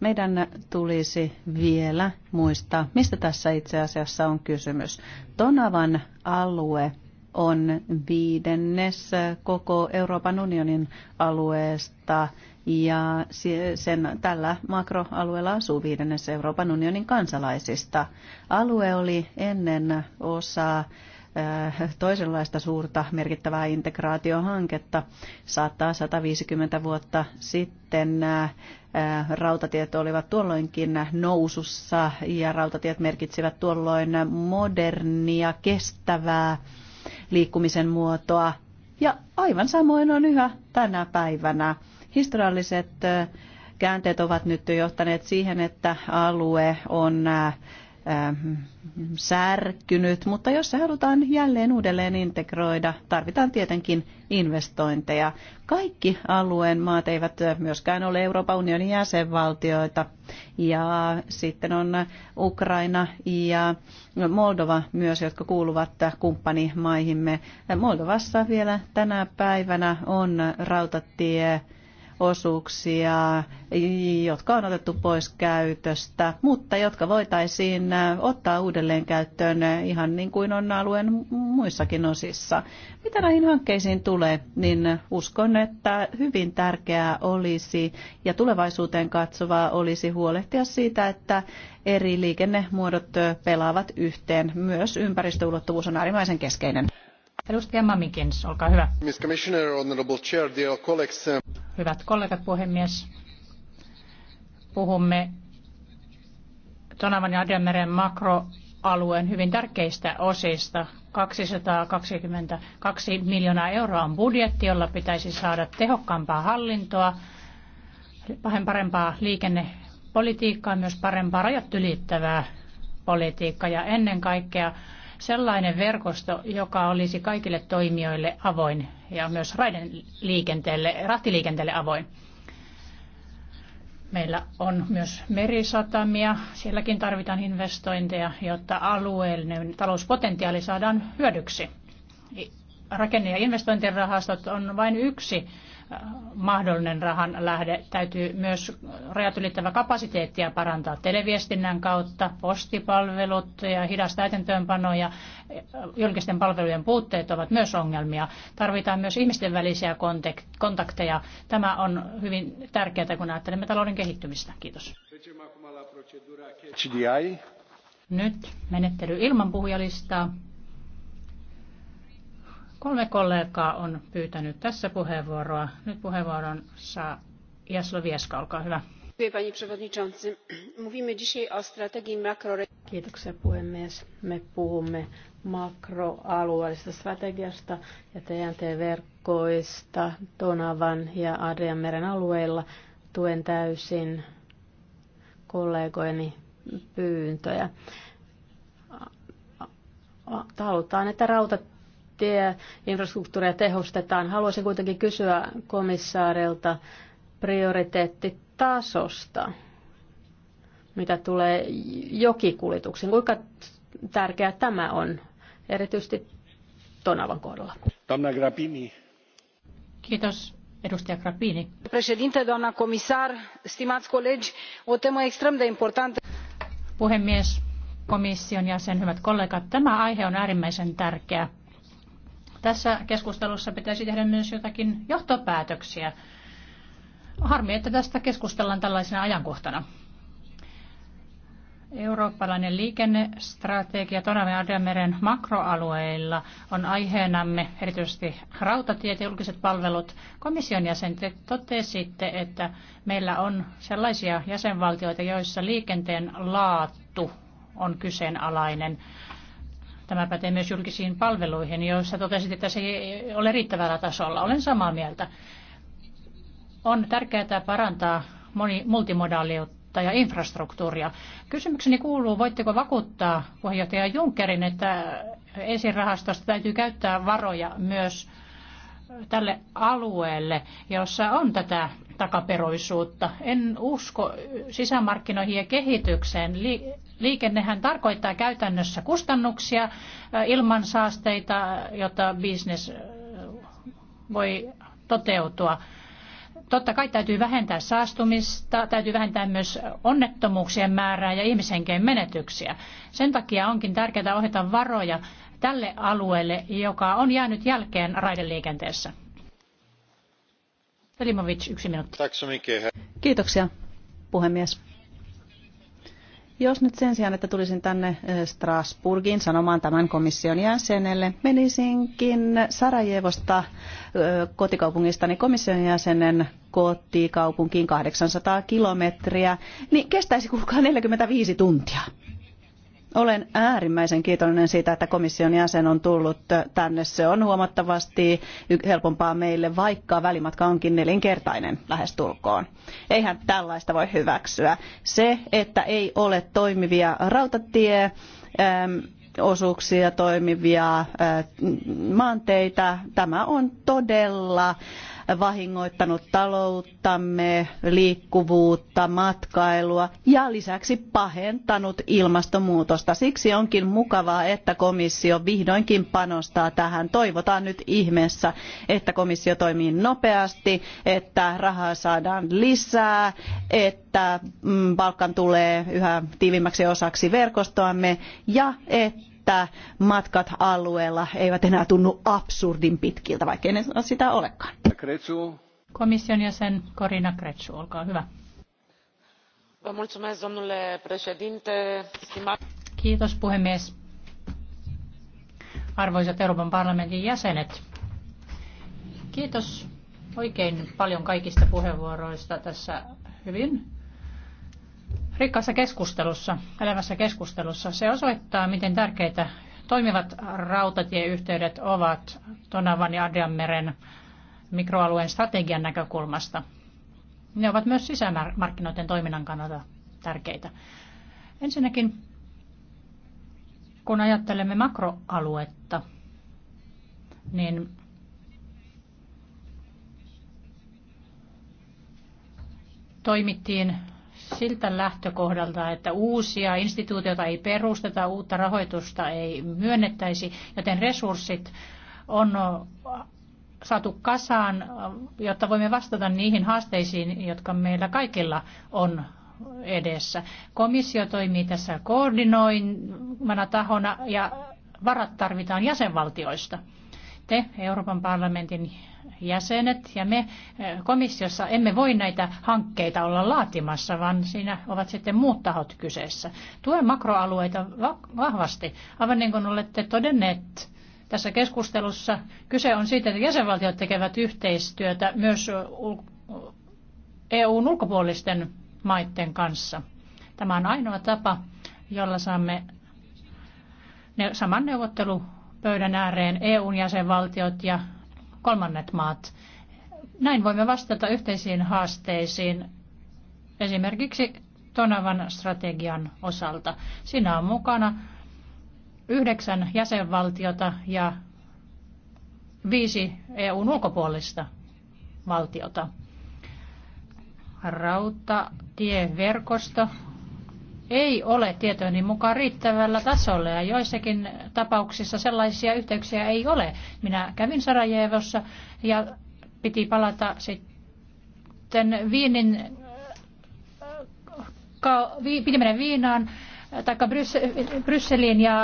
meidän tulisi vielä muistaa, mistä tässä itse asiassa on kysymys. Tonavan alue on viidennes koko Euroopan unionin alueesta ja sen tällä makroalueella asuu viidennes Euroopan unionin kansalaisista. Alue oli ennen osa äh, toisenlaista suurta merkittävää integraatiohanketta. Saattaa 150 vuotta sitten äh, rautatiet olivat tuolloinkin nousussa ja rautatiet merkitsivät tuolloin modernia, kestävää liikkumisen muotoa. Ja aivan samoin on yhä tänä päivänä. Historialliset käänteet ovat nyt jo johtaneet siihen, että alue on Ähm, särkynyt, mutta jos se halutaan jälleen uudelleen integroida, tarvitaan tietenkin investointeja. Kaikki alueen maat eivät myöskään ole Euroopan unionin jäsenvaltioita. Ja sitten on Ukraina ja Moldova myös, jotka kuuluvat kumppanimaihimme. Moldovassa vielä tänä päivänä on rautatie osuuksia, jotka on otettu pois käytöstä, mutta jotka voitaisiin ottaa uudelleen käyttöön ihan niin kuin on alueen muissakin osissa. Mitä näihin hankkeisiin tulee, niin uskon, että hyvin tärkeää olisi ja tulevaisuuteen katsovaa olisi huolehtia siitä, että eri liikennemuodot pelaavat yhteen. Myös ympäristöulottuvuus on äärimmäisen keskeinen. Edustaja Mamikins, olkaa hyvä. Miss Commissioner, Honorable Chair, dear colleagues. Uh, Hyvät kollegat, puhemies. Puhumme Tonavan ja Adenmeren makroalueen hyvin tärkeistä osista. 222 miljoonaa euroa on budjetti, jolla pitäisi saada tehokkaampaa hallintoa, parempaa liikennepolitiikkaa, myös parempaa rajat ylittävää politiikkaa ja ennen kaikkea sellainen verkosto, joka olisi kaikille toimijoille avoin ja myös raiden liikenteelle, rahtiliikenteelle avoin. Meillä on myös merisatamia. Sielläkin tarvitaan investointeja, jotta alueellinen talouspotentiaali saadaan hyödyksi. Rakenne- ja investointirahastot on vain yksi mahdollinen rahan lähde. Täytyy myös rajat ylittävä kapasiteettia parantaa televiestinnän kautta, postipalvelut ja hidas täytäntöönpano ja julkisten palvelujen puutteet ovat myös ongelmia. Tarvitaan myös ihmisten välisiä kontakteja. Tämä on hyvin tärkeää, kun ajattelemme talouden kehittymistä. Kiitos. Nyt menettely ilman puhujalistaa. Kolme kollegaa on pyytänyt tässä puheenvuoroa. Nyt puheenvuoron saa Jaslo Vieska, olkaa hyvä. Kiitoksia puhemies. Me puhumme makroalueellisesta strategiasta ja TNT-verkkoista Donavan ja Adrianmeren alueilla. Tuen täysin kollegojeni pyyntöjä halutaan, että rautat tieinfrastruktuuria tehostetaan. Haluaisin kuitenkin kysyä komissaarilta prioriteettitasosta, mitä tulee jokikuljetuksiin. Kuinka tärkeää tämä on, erityisesti Tonavan kohdalla? Tamna Grappini. Kiitos. Edustaja Grappini. Președinte, doamna comisar, stimați colegi, o temă extrem de importantă. Puhemies, komission jäsen, hyvät kollegat, tämä aihe on äärimmäisen tärkeä. Tässä keskustelussa pitäisi tehdä myös jotakin johtopäätöksiä. Harmi, että tästä keskustellaan tällaisena ajankohtana. Eurooppalainen liikennestrategia Tonaveadameren makroalueilla on aiheenamme erityisesti rautatiet ja julkiset palvelut. Komission jäsen, te totesitte, että meillä on sellaisia jäsenvaltioita, joissa liikenteen laatu on kyseenalainen. Tämä pätee myös julkisiin palveluihin, joissa totesit, että se ei ole riittävällä tasolla. Olen samaa mieltä. On tärkeää parantaa moni, multimodaaliutta ja infrastruktuuria. Kysymykseni kuuluu, voitteko vakuuttaa puheenjohtaja Junckerin, että esirahastosta täytyy käyttää varoja myös tälle alueelle, jossa on tätä takaperoisuutta. En usko sisämarkkinoihin ja kehitykseen. Liikennehän tarkoittaa käytännössä kustannuksia, ilmansaasteita, jotta bisnes voi toteutua. Totta kai täytyy vähentää saastumista, täytyy vähentää myös onnettomuuksien määrää ja ihmishenkeen menetyksiä. Sen takia onkin tärkeää ohjata varoja tälle alueelle, joka on jäänyt jälkeen raideliikenteessä. Selimovic, yksi minuutti. Kiitoksia, puhemies. Jos nyt sen sijaan, että tulisin tänne eh, Strasburgiin sanomaan tämän komission jäsenelle, menisinkin Sarajevosta eh, kotikaupungistani komission jäsenen kotikaupunkiin 800 kilometriä, niin kestäisi kuulkaa 45 tuntia. Olen äärimmäisen kiitollinen siitä, että komission jäsen on tullut tänne. Se on huomattavasti helpompaa meille, vaikka välimatka onkin nelinkertainen lähestulkoon. Eihän tällaista voi hyväksyä. Se, että ei ole toimivia rautatie, ähm, osuuksia toimivia äh, maanteitä. Tämä on todella vahingoittanut talouttamme, liikkuvuutta, matkailua ja lisäksi pahentanut ilmastonmuutosta. Siksi onkin mukavaa, että komissio vihdoinkin panostaa tähän. Toivotaan nyt ihmeessä, että komissio toimii nopeasti, että rahaa saadaan lisää, että mm, Balkan tulee yhä tiivimmäksi osaksi verkostoamme ja että että matkat alueella eivät enää tunnu absurdin pitkiltä, vaikka ne sitä olekaan. Komission jäsen Corina Kretsu, olkaa hyvä. Kiitos puhemies. Arvoisat Euroopan parlamentin jäsenet, kiitos oikein paljon kaikista puheenvuoroista tässä hyvin rikkaassa keskustelussa, elävässä keskustelussa. Se osoittaa, miten tärkeitä toimivat rautatieyhteydet ovat Tonavan ja Adrianmeren mikroalueen strategian näkökulmasta. Ne ovat myös sisämarkkinoiden toiminnan kannalta tärkeitä. Ensinnäkin, kun ajattelemme makroaluetta, niin toimittiin siltä lähtökohdalta, että uusia instituutioita ei perusteta, uutta rahoitusta ei myönnettäisi, joten resurssit on saatu kasaan, jotta voimme vastata niihin haasteisiin, jotka meillä kaikilla on edessä. Komissio toimii tässä koordinoimana tahona ja varat tarvitaan jäsenvaltioista. Te Euroopan parlamentin jäsenet ja me eh, komissiossa emme voi näitä hankkeita olla laatimassa, vaan siinä ovat sitten muut tahot kyseessä. Tue makroalueita vahvasti, aivan niin kuin olette todenneet tässä keskustelussa. Kyse on siitä, että jäsenvaltiot tekevät yhteistyötä myös EUn ulkopuolisten maiden kanssa. Tämä on ainoa tapa, jolla saamme saman neuvottelupöydän ääreen EUn jäsenvaltiot ja kolmannet maat. Näin voimme vastata yhteisiin haasteisiin esimerkiksi Tonavan strategian osalta. Siinä on mukana yhdeksän jäsenvaltiota ja viisi EUn ulkopuolista valtiota. Rautatieverkosto ei ole tietojeni mukaan riittävällä tasolla ja joissakin tapauksissa sellaisia yhteyksiä ei ole. Minä kävin Sarajevossa ja piti palata sitten Viinin, äh, piti mennä Viinaan äh, tai Brysseliin ja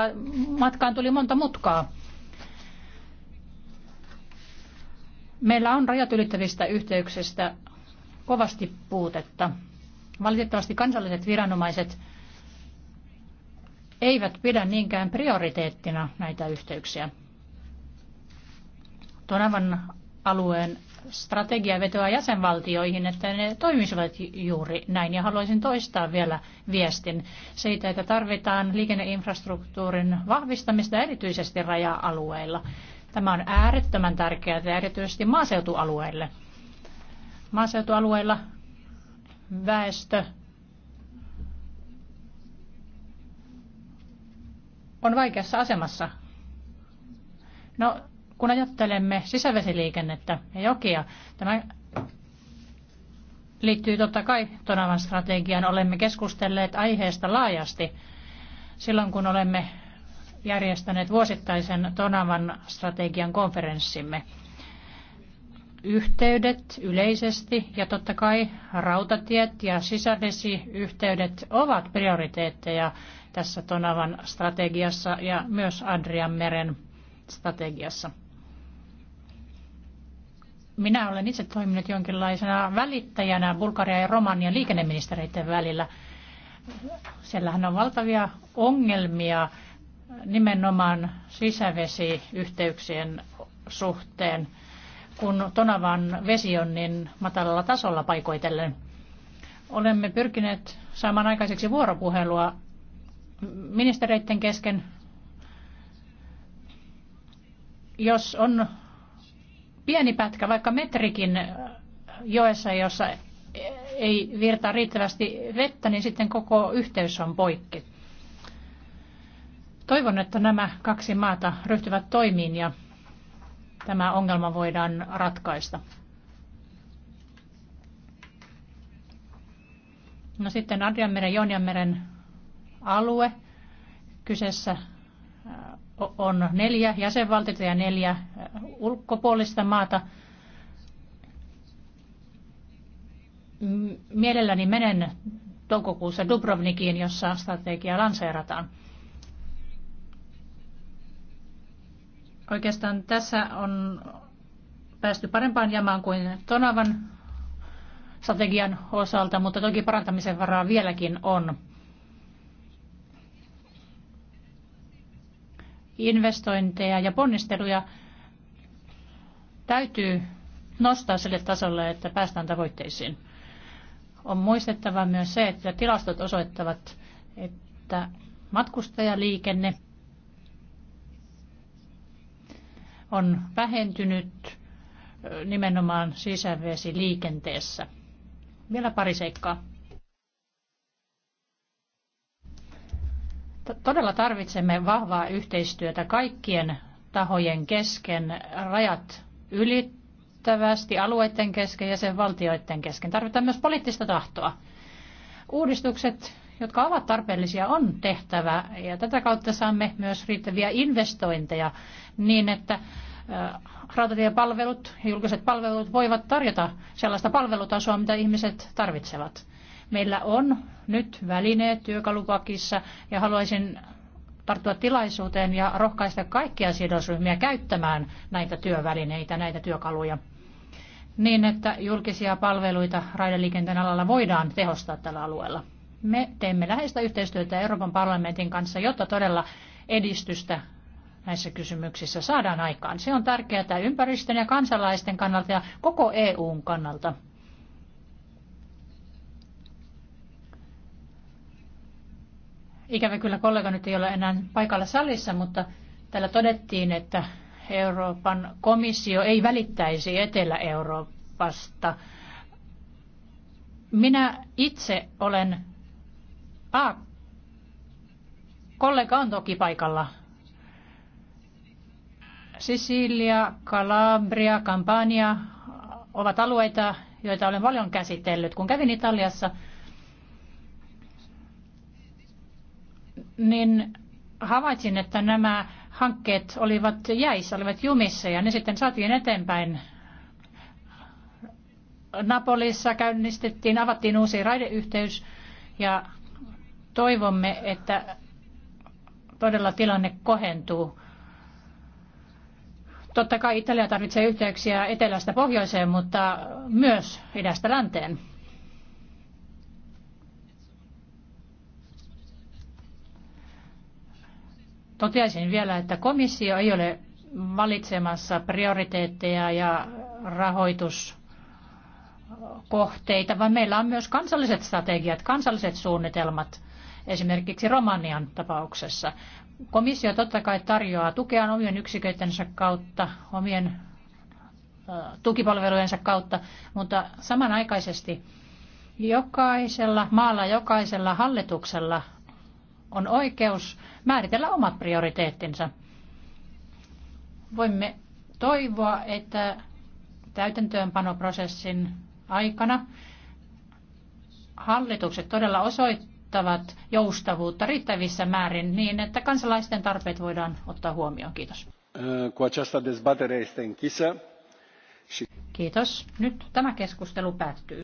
matkaan tuli monta mutkaa. Meillä on rajat ylittävistä yhteyksistä kovasti puutetta. Valitettavasti kansalliset viranomaiset eivät pidä niinkään prioriteettina näitä yhteyksiä. Tonavan alueen strategia vetoaa jäsenvaltioihin, että ne toimisivat juuri näin. Ja haluaisin toistaa vielä viestin siitä, että tarvitaan liikenneinfrastruktuurin vahvistamista erityisesti raja-alueilla. Tämä on äärettömän tärkeää erityisesti maaseutualueille. Maaseutualueilla väestö on vaikeassa asemassa. No, kun ajattelemme sisävesiliikennettä ja jokia, tämä liittyy totta kai Tonavan strategiaan. Olemme keskustelleet aiheesta laajasti silloin, kun olemme järjestäneet vuosittaisen Tonavan strategian konferenssimme. Yhteydet yleisesti ja totta kai rautatiet ja sisävesiyhteydet ovat prioriteetteja tässä Tonavan strategiassa ja myös Adrian meren strategiassa. Minä olen itse toiminut jonkinlaisena välittäjänä Bulgaria ja Romanian liikenneministereiden välillä. Siellähän on valtavia ongelmia nimenomaan sisävesiyhteyksien suhteen, kun Tonavan vesi on niin matalalla tasolla paikoitellen. Olemme pyrkineet saamaan aikaiseksi vuoropuhelua ministereiden kesken, jos on pieni pätkä, vaikka metrikin joessa, jossa ei virtaa riittävästi vettä, niin sitten koko yhteys on poikki. Toivon, että nämä kaksi maata ryhtyvät toimiin ja tämä ongelma voidaan ratkaista. No sitten Adrianmeren, Jonjanmeren alue. Kyseessä on neljä jäsenvaltiota ja neljä ulkopuolista maata. Mielelläni menen toukokuussa Dubrovnikiin, jossa strategia lanseerataan. Oikeastaan tässä on päästy parempaan jamaan kuin Tonavan strategian osalta, mutta toki parantamisen varaa vieläkin on. investointeja ja ponnisteluja täytyy nostaa sille tasolle, että päästään tavoitteisiin. On muistettava myös se, että tilastot osoittavat, että matkustajaliikenne on vähentynyt nimenomaan sisävesiliikenteessä. Vielä pari seikkaa. todella tarvitsemme vahvaa yhteistyötä kaikkien tahojen kesken, rajat ylittävästi, alueiden kesken ja sen valtioiden kesken. Tarvitaan myös poliittista tahtoa. Uudistukset, jotka ovat tarpeellisia, on tehtävä ja tätä kautta saamme myös riittäviä investointeja niin, että äh, rautatiepalvelut ja julkiset palvelut voivat tarjota sellaista palvelutasoa, mitä ihmiset tarvitsevat. Meillä on nyt välineet työkalupakissa ja haluaisin tarttua tilaisuuteen ja rohkaista kaikkia sidosryhmiä käyttämään näitä työvälineitä, näitä työkaluja niin, että julkisia palveluita raideliikenteen alalla voidaan tehostaa tällä alueella. Me teemme läheistä yhteistyötä Euroopan parlamentin kanssa, jotta todella edistystä näissä kysymyksissä saadaan aikaan. Se on tärkeää ympäristön ja kansalaisten kannalta ja koko EUn kannalta. Ikävä kyllä kollega nyt ei ole enää paikalla salissa, mutta täällä todettiin, että Euroopan komissio ei välittäisi Etelä-Euroopasta. Minä itse olen... A, kollega on toki paikalla. Sicilia, Calabria, Campania ovat alueita, joita olen paljon käsitellyt. Kun kävin Italiassa, niin havaitsin, että nämä hankkeet olivat jäissä, olivat jumissa ja ne sitten saatiin eteenpäin. Napolissa käynnistettiin, avattiin uusi raideyhteys ja toivomme, että todella tilanne kohentuu. Totta kai Italia tarvitsee yhteyksiä etelästä pohjoiseen, mutta myös idästä länteen. Toteaisin vielä, että komissio ei ole valitsemassa prioriteetteja ja rahoituskohteita, vaan meillä on myös kansalliset strategiat, kansalliset suunnitelmat, esimerkiksi Romanian tapauksessa. Komissio totta kai tarjoaa tukea omien yksiköitensä kautta, omien tukipalvelujensa kautta, mutta samanaikaisesti jokaisella maalla, jokaisella hallituksella on oikeus määritellä omat prioriteettinsa. Voimme toivoa, että täytäntöönpanoprosessin aikana hallitukset todella osoittavat joustavuutta riittävissä määrin niin, että kansalaisten tarpeet voidaan ottaa huomioon. Kiitos. Kiitos. Nyt tämä keskustelu päättyy.